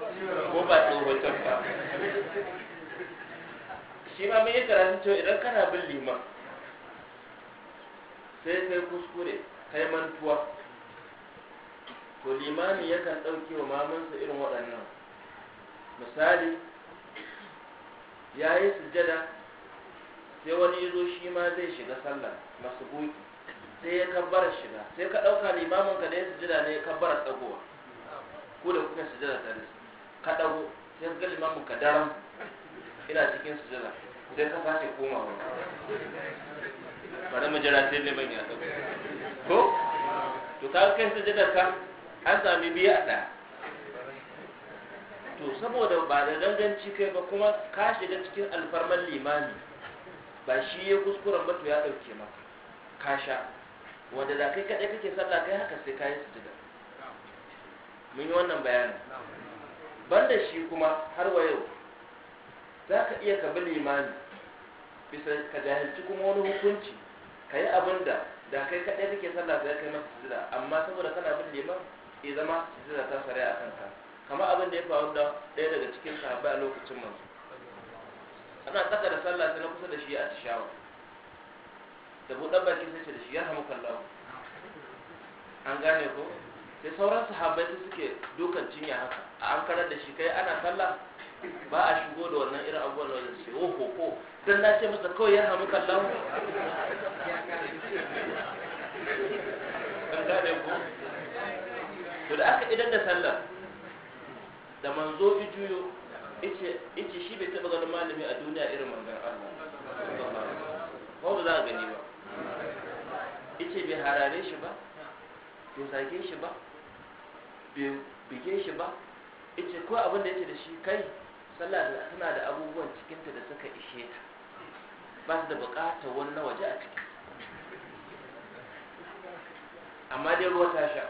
ko ba tsohon ba shi ma mun yi karatun cewa idan kana bin liman sai kai kuskure kai mantuwa to limami yakan ɗauke wa mamansa irin waɗannan misali ya yi sujada sai wani izo shi ma zai shiga sallah masu buki sai ya kabbara shiga sai ka ɗauka limamin ka da ya sujada ne ya kabbara tsagowa ko da kuka su jira tare ka dago sai ka liman mu kadaran ina cikin su jira. sai ka fashe koma Ba bare mu jira sai ban ya ta ko to ka kai jira ka an sami biya a ɗaya to saboda ba da danganci kai ba kuma ka shiga cikin alfarman limani ba shi ya kuskuren ba to ya ɗauke maka ka sha wanda da kai kaɗai kake sallah kai haka sai ka yi sujada mun yi wannan bayanin banda shi kuma har wa yau za ka iya ka bi limani bisa ka jahilci kuma wani hukunci ka yi abin da da kai kaɗai kake sallah sai kai masa sujjada amma saboda kana bin liman ya zama sujjada ta sare a kanka kamar abin da ya faru da ɗaya daga cikin sahabbai a lokacin manzo ana tsaka da sallah sai na kusa da shi a tishawa da buɗar baki sai ce da shi ya samu kallahu an gane ko sai sauran sahabbai su suke dukan cinya haka a an karar da shi kai ana sallah ba a shigo da wannan irin abubuwan da suke wo ko ko dan na ce masa kawai ya hamu kallon kan gane ko to da aka idan da sallah da manzo juyo ice ice shi bai taba ganin malami a duniya irin manzon Allah ko ba za a gani ba ice bai harare shi ba bai zage shi ba bai bige shi ba ita ko abin da yace da shi kai sallah tana da abubuwan cikinta da suka ishe ta ba su da bukatar wani waje a ciki amma dai ruwa ta sha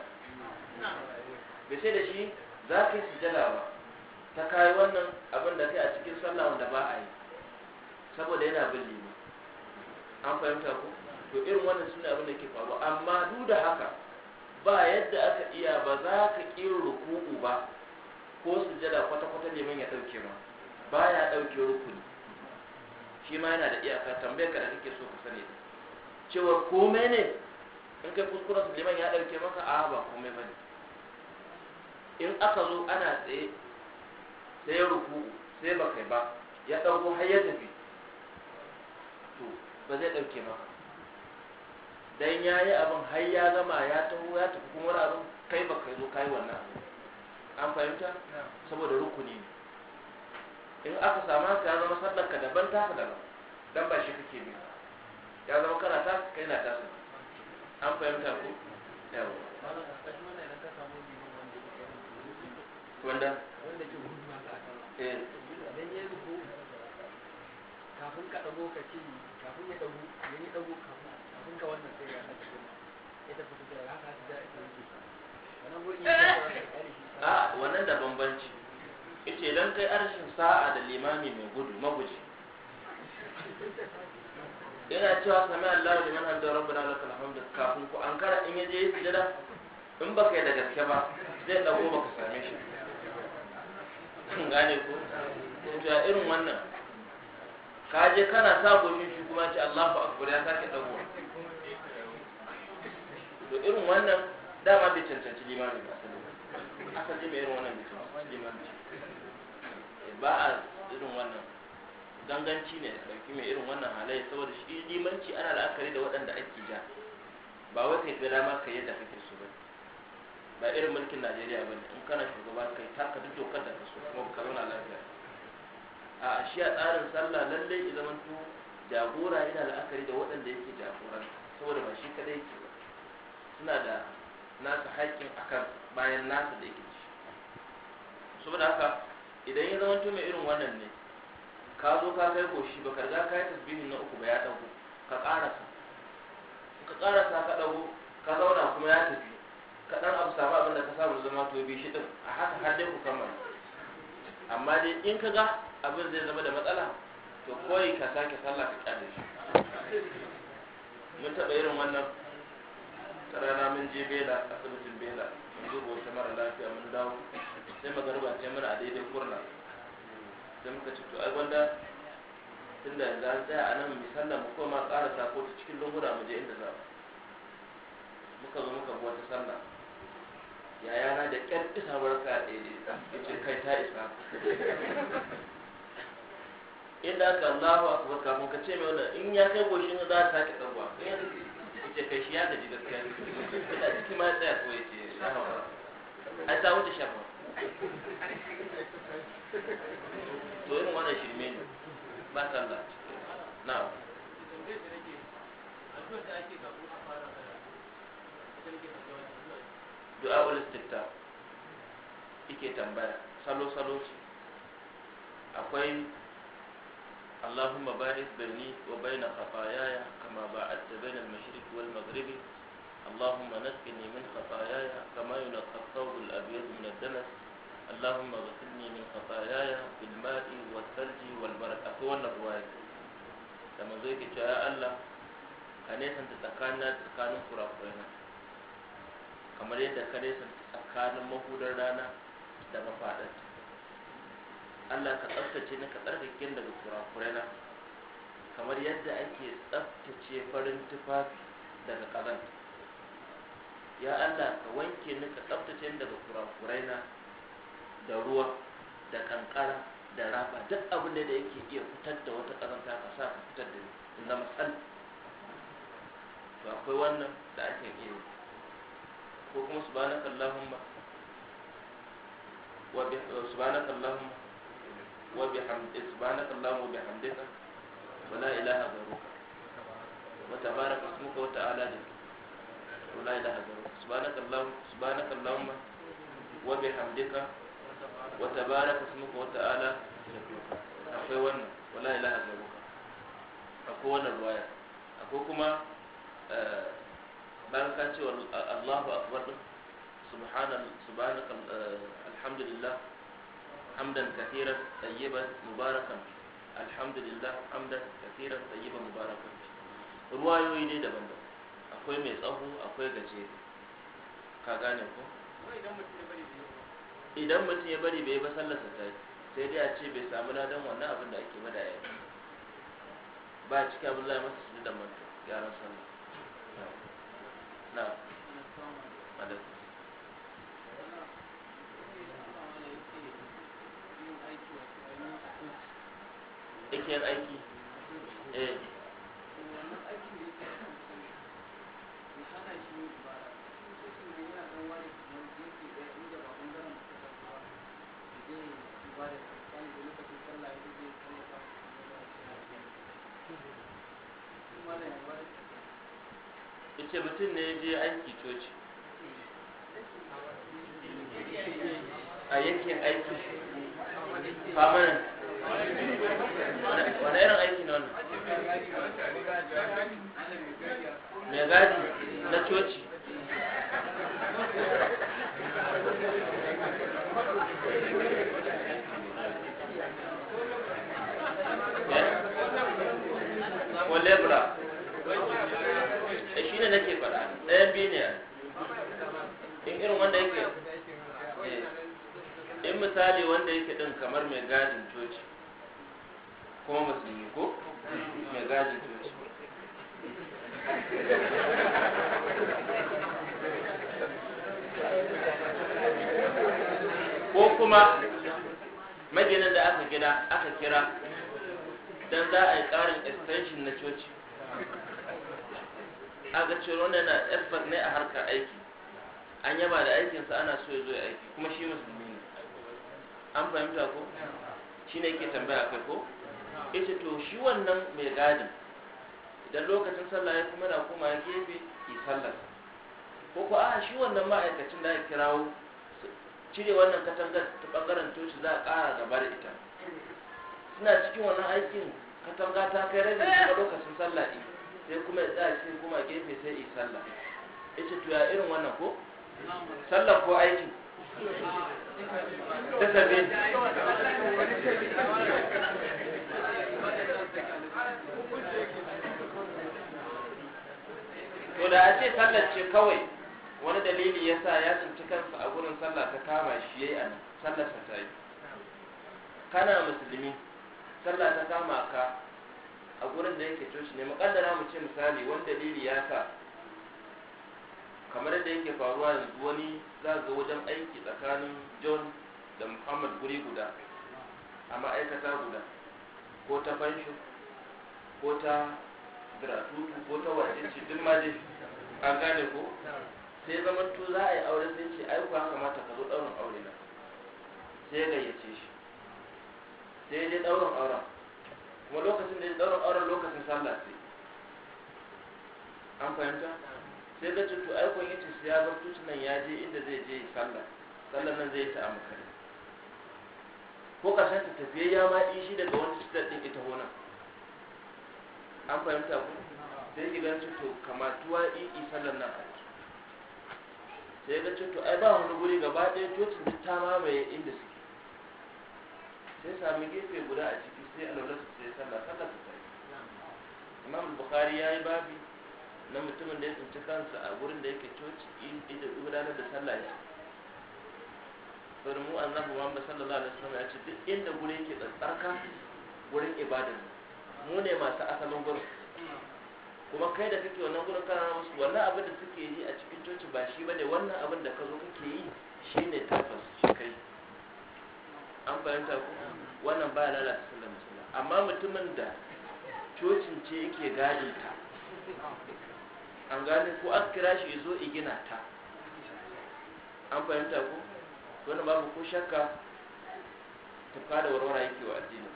bai sai da shi za ka yi sujada ba ta kayi wannan abin da kai a cikin sallah da ba a yi saboda yana bin lima an fahimta ko to irin wannan suna abin da ke faru amma duk da haka ba yadda aka iya ba za ka ƙi rukuku ba ko su jada kwata-kwata neman ya ɗauke ma ba ya ɗauke rukuni shi ma yana da iyaka tambayar ka da kake so ka sani cewa komai ne in kai kuskuren su liman ya ɗauke maka a ba komai ba ne in aka zo ana tsaye sai rukuku sai ba kai ba ya ɗauko har ya tafi to ba zai ɗauke maka dan ya yi abin har ya gama ya taho ya tafi kuma wani abin kai ba kai zo kai wannan an fahimta saboda rukuni ne in aka samu ka zama sallar ka daban ta daban dan ba shi kake bi ya zama kana ta kai na tasa an fahimta ko yawa wanda eh. wanda ke gudu ma ka eh dan ya kafin ka dago ka ce kafin ya dago ya dago kafin a wannan da bambanci ita idan kai arshin sa'a da limami mai gudu maguji yana cewa sami Allah liman hamdu rabbana lakal hamdu kafin ku an kara in yaje yi sujada in baka yi da gaske ba zai dago baka same shi kan gane ko to ya irin wannan ka je kana sa goshin shi kuma ce Allahu akbar ya sake dago to irin wannan dama bai cancanci limami ba asali asali mai irin wannan bai ce. limami eh, ba a irin wannan ganganci ne ɗauki mai irin wannan halaye saboda shi limanci ana la'akari da waɗanda ake ja ba wai kai ga dama kai yadda kake so ba ba irin mulkin Najeriya ba in kana shugaba kai taka duk dokar da ka so kuma ka zauna lafiya a shi a tsarin sallah lallai ya zama to jagora yana la'akari da waɗanda yake jagoranta saboda ba shi kadai ke ba suna da nasa haƙƙin akan bayan nasa da yake ci saboda haka idan ya zama mai irin wannan ne ka zo ka kai goshi ba riga ka yi tasbihin na uku ba ya dago ka karasa ka karasa ka dago ka zauna kuma ya tafi ka dan abu samu abin da ka samu zama to bi shi din a haka har dai ku kammala amma dai in ka ga abin zai zama da matsala to koyi ka sake sallah ka kyale shi mun taɓa irin wannan ta rana mun je bela asibitin bela mun duba wata mara lafiya mun dawo sai magarba ce mana a daidai kurna sai muka ci to ai gwanda tunda yanzu an tsaya a nan mu sallah mu koma ƙara sako ta cikin lungura mu je inda za mu muka zo muka bi ta sallah yaya na da ƙyar isa barka a daidai ya ce kai ta isa inda aka Allahu akbar kafin ka ce mai wannan in ya kai goshin za ta sake ɗagwa in ya ce kai shi ya gaji gaskiya da ciki ma tsaya ko ya ce ai ta wuce shafa to irin wannan shirme ne ba sallah na du'a ul istifta yake tambaya salo salo ce akwai Allahumma baris birni wa bayna khataayaya كما باعدت بين المشرق والمغرب اللهم نسقني من خطاياي كما ينقى الثوب الأبيض من الدنس اللهم اغسلني من خطاياي بالماء والثلج والبرد أكو wannan ruwaya da manzo yake cewa ya Allah ka tsakanin tsakanin kurakurai na kamar yadda ka tsakanin rana da Allah ka tsaftace ni ka tsarkake daga kurakurai na kamar yadda ake tsaftace farin tufafi daga ƙazanta ya Allah ka wanke ni ka tsaftace ni daga kurakurai na da ruwa da kankara da rafa duk abin da yake iya fitar da wata ƙazanta ka sa ka fitar da ni in zama tsal to akwai wannan da ake iya ko kuma subhanaka allahumma wa subhanaka allahumma wa bihamdika subhanaka allahumma wa bihamdika wala ilaha garuka wa tabaraka ismuka wa ta'ala jaddu wala ilaha garuka subhanaka allahumma subhanaka allahumma wa bihamdika wa tabaraka ismuka wa ta'ala jaddu akwai wannan wala ilaha garuka akwai wannan ruwaya akwai kuma bayan ka ce Allahu akbar din subhanaka subhanaka alhamdulillah hamdan kathiran tayyiban mubarakan alhamdulillah hamdan kafiran tayyiban mubarakan ruwayoyi ne daban-daban akwai mai tsaho akwai gaje ka gane ko idan mutum ya bari bai ba sallar ta sai dai a ce bai samu ladan wannan abin da ake bada yayi ba cikin abin masa su da mantu gyaran sallah na alaikum yake yin aiki eh. ce mutum ne je aiki coci a yankin aiki permanent wani irin aiki ne wannan mai gadi na coci ko eh? lebra eh, shi ne nake fara, ɗayan biyu ne in irin wanda yake eh, in misali wanda yake ɗin kamar mai gadin coci kuma musulmi ko mai gadi coci ko kuma maginan da aka gida aka kira don za a yi ƙarin extension na coci aka ce wannan na effort ne a harkar aiki an yaba da aikinsa ana so ya zo ya aiki kuma shi musulmi ne an fahimta ko shi ne ke tambaya kai ko ita to shi wannan mai gadin idan lokacin sallah ya kuma na koma ya gefe ki sallar ko ko a shi wannan ma'aikacin da ya kirawo cire wannan katangar ta bangaren toshi za a ƙara gaba da ita suna cikin wannan aikin katanga ta kai rabi a lokacin sallah ɗin sai kuma ya tsaya sai kuma gefe sai yi sallah ita to ya irin wannan ko sallah ko aikin ta sabi to da a ce sallace kawai wani dalili ya sa ya cinci kansa a gurin sallah ta kama shi yayi a sallar ta yi kana musulmi sallah ta kama ka a gurin da yake coci ne muƙaddara mu ce misali wani dalili ya sa kamar da yake faruwa yanzu wani za zo wajen aiki tsakanin john da muhammad guri guda a ma'aikata guda ko ta fansho ko ta gratutu ko ta wajinci duk ma dai an gane ko sai zama to za a yi aure sai ce ai kuwa kamata ka zo daurin aure na sai ya gayyace shi sai ya je ɗaurin auren kuma lokacin da ya daurin auren lokacin sallah sai an fahimta sai ga cutu aikon yace sai ya bar nan ya je inda zai je sallah sallah nan zai ta amfani ko ƙarshen ta tafiye ya ma shi daga wani sitar ɗin ita hona an fahimta ku sai gidan cuto to kamatuwa yi sallar nan aiki sai ga cuto ai ba wani guri gaba ɗaya cocin duk ta mamaye inda suke sai sami gefe guda a ciki sai lura su sai sallah sallar su sai imam bukhari ya yi babi na mutumin da ya tsinci kansa a gurin da yake coci gudanar da sallah ya saboda mu annabi Muhammad sallallahu alaihi wasallam ya ce duk inda gure yake tsarka wurin ibadar mu ne masu asalin gurin kuma kai da kake wannan gurin kana musu wannan abin da suke yi a cikin coci ba shi bane wannan abin da ka zo kake yi shi ne tabbas shi kai an fahimta ku wannan ba lalata sallar musulma amma mutumin da cocin ce yake gadi ta an gane ko an kira shi zo igina ta an fahimta ku wani babu ko shakka tafka da warwara yake wa addinin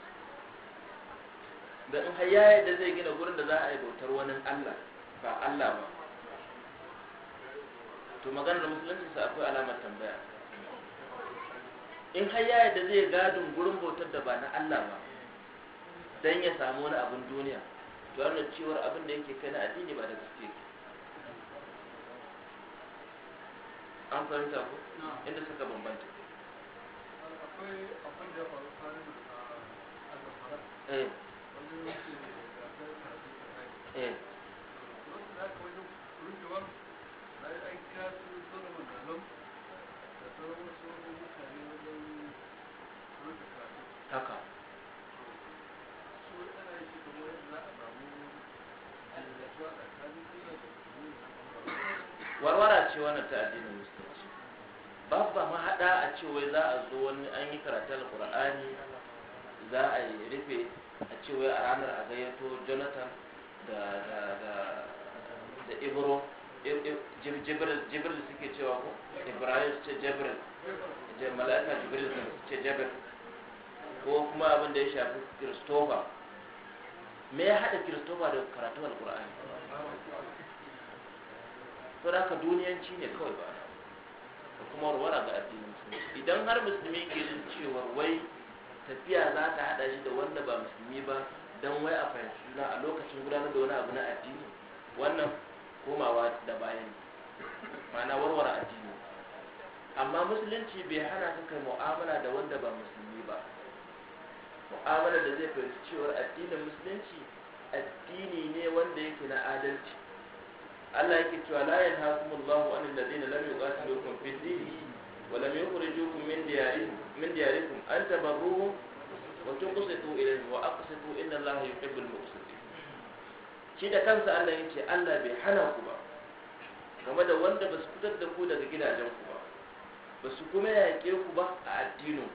da in har ya zai gina gurin da za a yi bautar wani Allah ba Allah ba to maganar musulunci sa akwai alamar tambaya in har ya zai gadin gurin bautar da ba na Allah ba dan ya samu wani abin duniya to wannan cewar abin da yake kai na addini ba da gaske an fahimta ku inda suka bambanta ce wannan ta babba mahaɗa a cewa za a zo wani an yi karatun qurani za a yi rufe a cewa a ranar a gayyato jonathan da da ibro jibril suke cewa ko ibrahim ce jibril malaka jibril ce jibril ko kuma abin da ya shafi kristofa me ya haɗa kristofa da karatun qurani to da ka duniyanci ne kawai ba da kuma warwara ga addinin musulmi idan har musulmi ke jin cewa wai tafiya za ta hada shi da wanda ba musulmi ba dan wai a fahimci juna a lokacin gudanar da wani abu na addini wannan komawa da bayan ma'ana warware addini amma musulunci bai hana ka kai mu'amala da wanda ba musulmi ba mu'amala da zai fahimci cewa addinin musulunci addini ne wanda yake na adalci Allah yake cewa la yanhaakumullahu an ladina lam yuqatilukum fi dini wa lam yukhrijukum min diyarikum min diyarikum an tabarruhum wa tuqsitu ilayhi wa aqsitu inna Allaha yuhibbul muqsitin shi da kansa Allah yake Allah bai hana ku ba game da wanda ba su fitar da ku daga gidajen ku ba ba su kuma yaƙe ku ba a addinin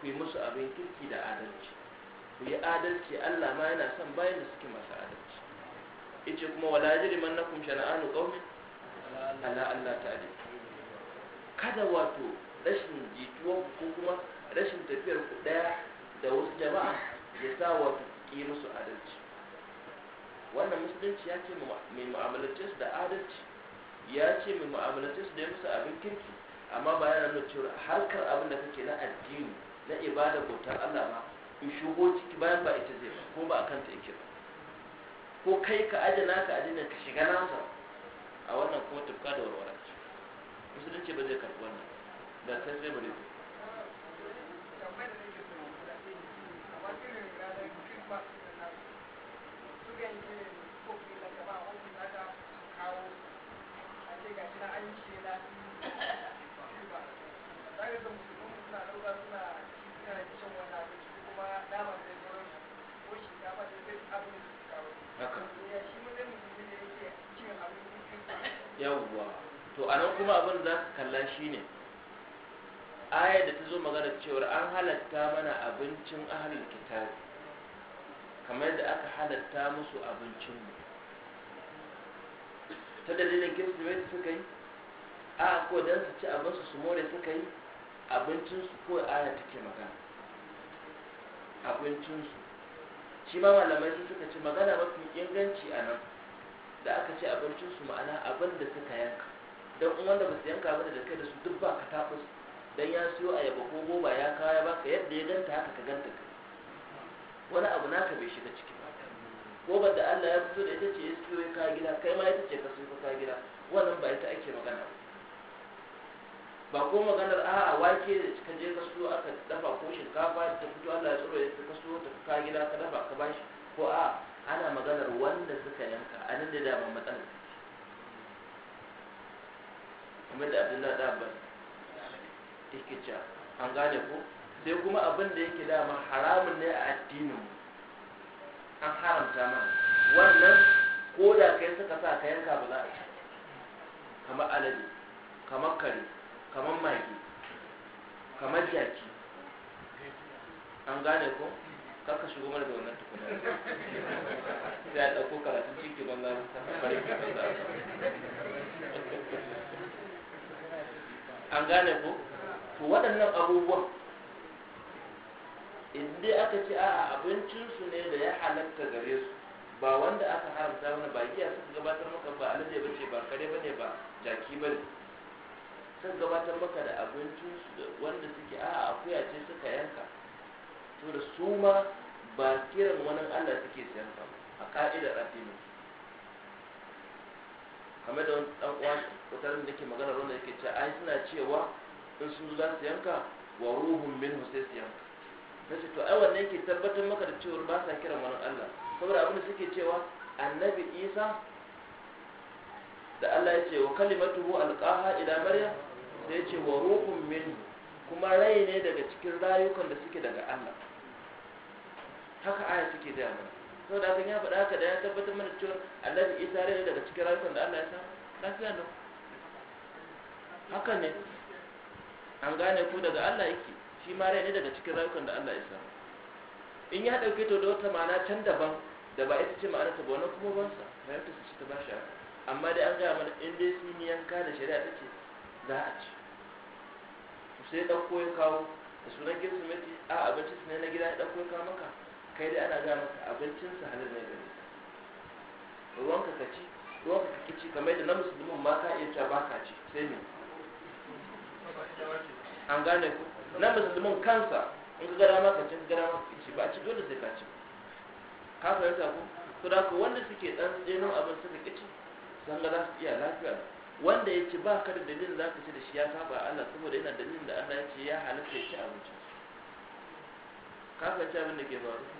ku yi musu abin kirki da adalci ku yi adalci Allah ma yana son bayan da suke masu adalci yace kuma wala yajrimannakum shana'anu kawai ala Allah ta ta'ala kada wato rashin jituwa ko kuma rashin tafiyar ku daya da wasu jama'a ya sa wato ki musu adalci wannan musulunci ya ce mai mu'amalance da adalci ya ce mai mu'amalance da ya musu abin kirki amma ba yana nuna cewa harkar abin da kake na addini na ibada bautar Allah ba in shigo ciki bayan ba ita zai ba ko ba a kanta yake ko kai ka aje naka addinin ka shiga nasa a wannan kuma tufka da warwara ce musulunci ba zai karɓi wannan da sai zai bari ku Thank you. yawwa to a nan kuma abin za ka kalla shi ne ayar da ta zo magana cewar an halatta mana abincin ahalin kitabi kamar yadda aka halatta musu abincin mu ta dalilin mai suka yi a ko don su ci abinsu su more suka yi abincinsu ko aya take magana abincinsu shi ma malamai su suka ci magana mafi inganci a nan da aka ce su ma'ana abin da suka yanka don in wanda ba su yanka ba da kai da su duk ba ka su don ya siyo a yaba ko goba ya kawo ya baka yadda ya ganta haka ka ganta ka wani abu naka bai shiga ciki ba gobar da Allah ya fito da ita ce ya siyo ya kawo gida kai ma ita ce ka siyo ka gida wannan ba ita ake magana ba ko maganar a a wake da ka je ka siyo aka dafa ko shinkafa ta fito Allah ya tsoro ya ka siyo ta ka gida ka dafa ka bashi ko a'a ana maganar wanda suka yanka a nan da dama matsalar kuma da abin da abbas yake cewa an gane ko sai kuma abin da yake dama haramun ne a addinin an haramta ma. wannan ko da kai suka sa ka yanka ba za a ci kamar alade kamar kare kamar mage kamar jaki an gane ko kar ka shigo mana da wannan tukuna sai a ɗauko karatun ciki ban zama an gane ko to waɗannan abubuwan inda aka ce a abincinsu ne da ya halatta gare su ba wanda aka haramta mana ba giya suka gabatar maka ba alade ba ce ba kare ba ne ba jaki ba ne suka gabatar maka da abincinsu wanda suke a akuya ce suka yanka saboda suma su ma ba kiran wani allah suke siyan ba a ka'idar addinin kamar da dan uwa da ke magana wanda yake cewa ai suna cewa in su za su yanka wa ruhun minhu sai su yanka ce to ai wannan yake tabbatar maka da cewa ba sa kiran wani allah saboda abin da suke cewa annabi isa da allah ya ce wa kalimatuhu alqaha ila maryam sai ya ce wa ruhun min kuma rai ne daga cikin rayukan da suke daga allah haka aya take da mana saboda hakan ya faɗa haka da ya tabbatar mana cewa Allah ya isa ni daga cikin rayuwar da Allah ya samu lafiya ne haka ne an gane ku daga Allah yake shi ma rai ne daga cikin rayuwar da Allah ya samu in ya ɗauke to da wata ma'ana can daban da ba ita ce ma'ana ta ba kuma ban sa fahimta ce ta bashi haka amma dai an gaya mana in dai sun yi yanka da shari'a take za a ci sai ɗauko ya kawo da sunan kirsimeti a abinci su ne na gida ya ɗauko ya kawo maka kai da ana ga maka abincin sa halin ne gare ruwan ka kaci ruwan ka kaci kamar da na musulmin ma ka iya cewa ba ka ci sai ne. an gane ku na musulmin kansa in ka gara maka ci gara maka ci ba ci dole sai ka ci ka fahimta ku to da ku wanda suke dan tsenon abin suka kici san ga za su iya lafiya wanda ya ci ba ka da dalilin za ka ci da shi ya saba Allah saboda yana dalilin da Allah ya ce ya halatta ya ci abinci ka fahimci abin da ke faru